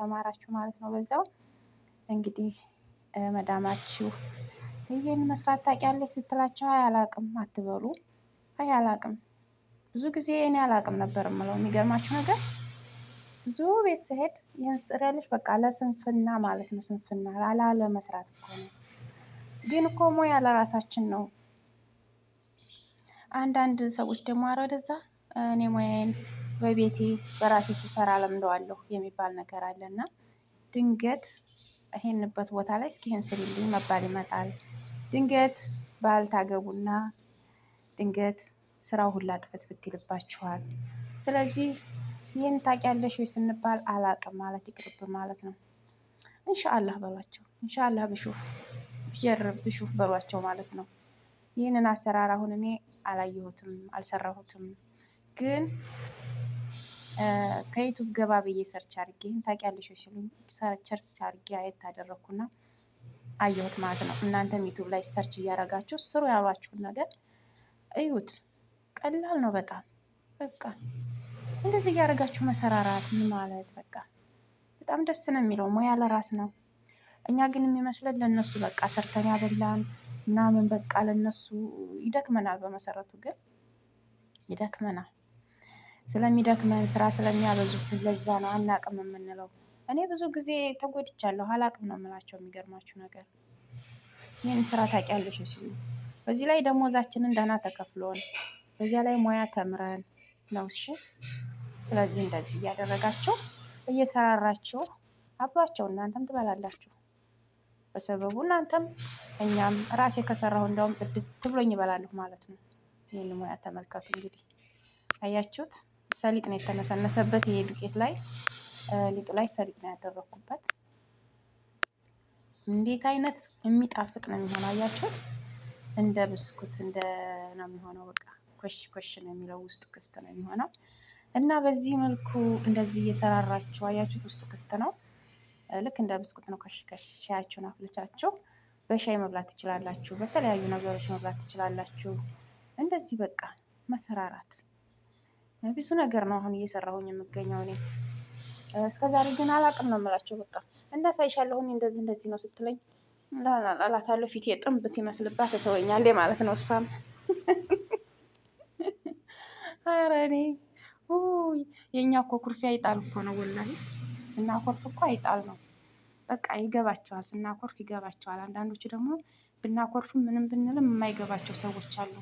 ተማራችሁ ማለት ነው። በዛው እንግዲህ መዳማችሁ ይህን መስራት ታውቂያለሽ ስትላቸው አይ አላቅም አትበሉ። አይ አላቅም ብዙ ጊዜ እኔ አላቅም ነበር የምለው የሚገርማችሁ ነገር ብዙ ቤት ስሄድ ይህን ትሰሪያለሽ በቃ ለስንፍና ማለት ነው። ስንፍና ላለመስራት እኮ ነው። ግን እኮ ሙያ ለራሳችን ነው። አንዳንድ ሰዎች ደግሞ አረ እኔ ሙያዬን በቤቴ በራሴ ስሰራ ለምደዋለሁ የሚባል ነገር አለና ድንገት ይሄንበት ቦታ ላይ እስኪ ይህን ስሪልኝ መባል ይመጣል። ድንገት ባል ታገቡና ድንገት ስራው ሁላ ጥፍትፍት ይልባችኋል። ስለዚህ ይህን ታውቂያለሽ ወይ ስንባል አላቅም ማለት ይቅርብ ማለት ነው። ኢንሻአላህ በሏቸው ኢንሻአላህ ብሹፍ ብጀርብ ብሹፍ በሏቸው ማለት ነው። ይህንን አሰራር አሁን እኔ አላየሁትም አልሰራሁትም። ግን ከዩቱብ ገባ ብዬ ሰርች አድርጌ ታውቂያለሽ ሲሉኝ ሰርች አድርጌ አየት አደረግኩና አየሁት ማለት ነው። እናንተም ዩቱብ ላይ ሰርች እያደረጋችሁ ስሩ ያሏችሁን ነገር እዩት። ቀላል ነው በጣም በቃ እንደዚህ እያደረጋችሁ መሰራራት ምን ማለት በቃ በጣም ደስ ነው የሚለው። ሙያ ለራስ ነው። እኛ ግን የሚመስለን ለነሱ በቃ ሰርተን ያበላን ምናምን በቃ ለነሱ ይደክመናል። በመሰረቱ ግን ይደክመናል። ስለሚደክመን ስራ ስለሚያበዙብን ለዛ ነው አናቅም የምንለው። እኔ ብዙ ጊዜ ተጎድቻለሁ አላቅም ነው የምላቸው የሚገርማችሁ ነገር። ይህን ስራ ታውቂያለሽ ሲሉ በዚህ ላይ ደሞዛችንን ደህና ተከፍሎን በዚያ ላይ ሙያ ተምረን ነው እሺ። ስለዚህ እንደዚህ እያደረጋችሁ እየሰራራችሁ አብሏቸው እናንተም ትበላላችሁ። በሰበቡ እናንተም እኛም ራሴ ከሰራሁ እንደውም ጽድት ትብሎኝ እበላለሁ ማለት ነው። ይህን ሙያ ተመልከቱ እንግዲህ አያችሁት? ሰሊጥ ነው የተነሰነሰበት። ይሄ ዱቄት ላይ ሊጡ ላይ ሰሊጥ ነው ያደረኩበት። እንዴት አይነት የሚጣፍጥ ነው የሚሆነው አያችሁት? እንደ ብስኩት እንደ ነው የሚሆነው። በቃ ኮሽ ኮሽ ነው የሚለው ውስጡ ክፍት ነው የሚሆነው እና በዚህ መልኩ እንደዚህ እየሰራራችሁ አያችሁት፣ ውስጡ ክፍት ነው። ልክ እንደ ብስኩት ነው። ከሽ ከሽ ሻያችሁን አፍልታችሁ በሻይ መብላት ትችላላችሁ። በተለያዩ ነገሮች መብላት ትችላላችሁ። እንደዚህ በቃ መሰራራት ብዙ ነገር ነው አሁን እየሰራሁኝ የምገኘው እኔ ዛሬ ግን አላቅም ነው የምላቸው። በቃ እንዳሳይሻለሁ እኔ እንደዚህ እንደዚህ ነው ስትለኝ እላታለሁ። ፊቴ ጥንብት ይመስልባት ትተወኛለች ማለት ነው። እሷም ኧረ እኔ የእኛ እኮ ኩርፊያ አይጣል እኮ ነው ወላሂ። ስናኮርፍ እኮ አይጣል ነው በቃ ይገባቸዋል። ስናኮርፍ ይገባቸዋል። አንዳንዶቹ ደግሞ ብናኮርፍም ምንም ብንልም የማይገባቸው ሰዎች አሉ።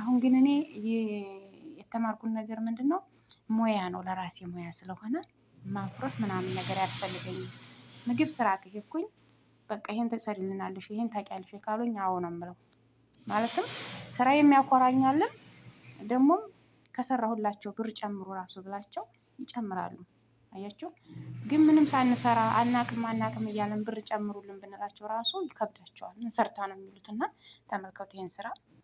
አሁን ግን እኔ የተማርኩን ነገር ምንድን ነው ሙያ ነው። ለራሴ ሙያ ስለሆነ ማኩረፍ ምናምን ነገር አያስፈልገኝም። ምግብ ስራ ከሄድኩኝ በቃ ይሄን ትሰሪልናለሽ፣ ይሄን ታውቂያለሽ ካሉኝ አዎ ነው የምለው። ማለትም ስራ የሚያኮራኛልም ደግሞም ከሰራሁላቸው ብር ጨምሩ ራሱ ብላቸው ይጨምራሉ። አያችሁ ግን ምንም ሳንሰራ አናቅም አናቅም እያለን ብር ጨምሩልን ብንላቸው ራሱ ይከብዳቸዋል። ምን ሰርታ ነው የሚሉት እና ተመልከቱ ይህን ስራ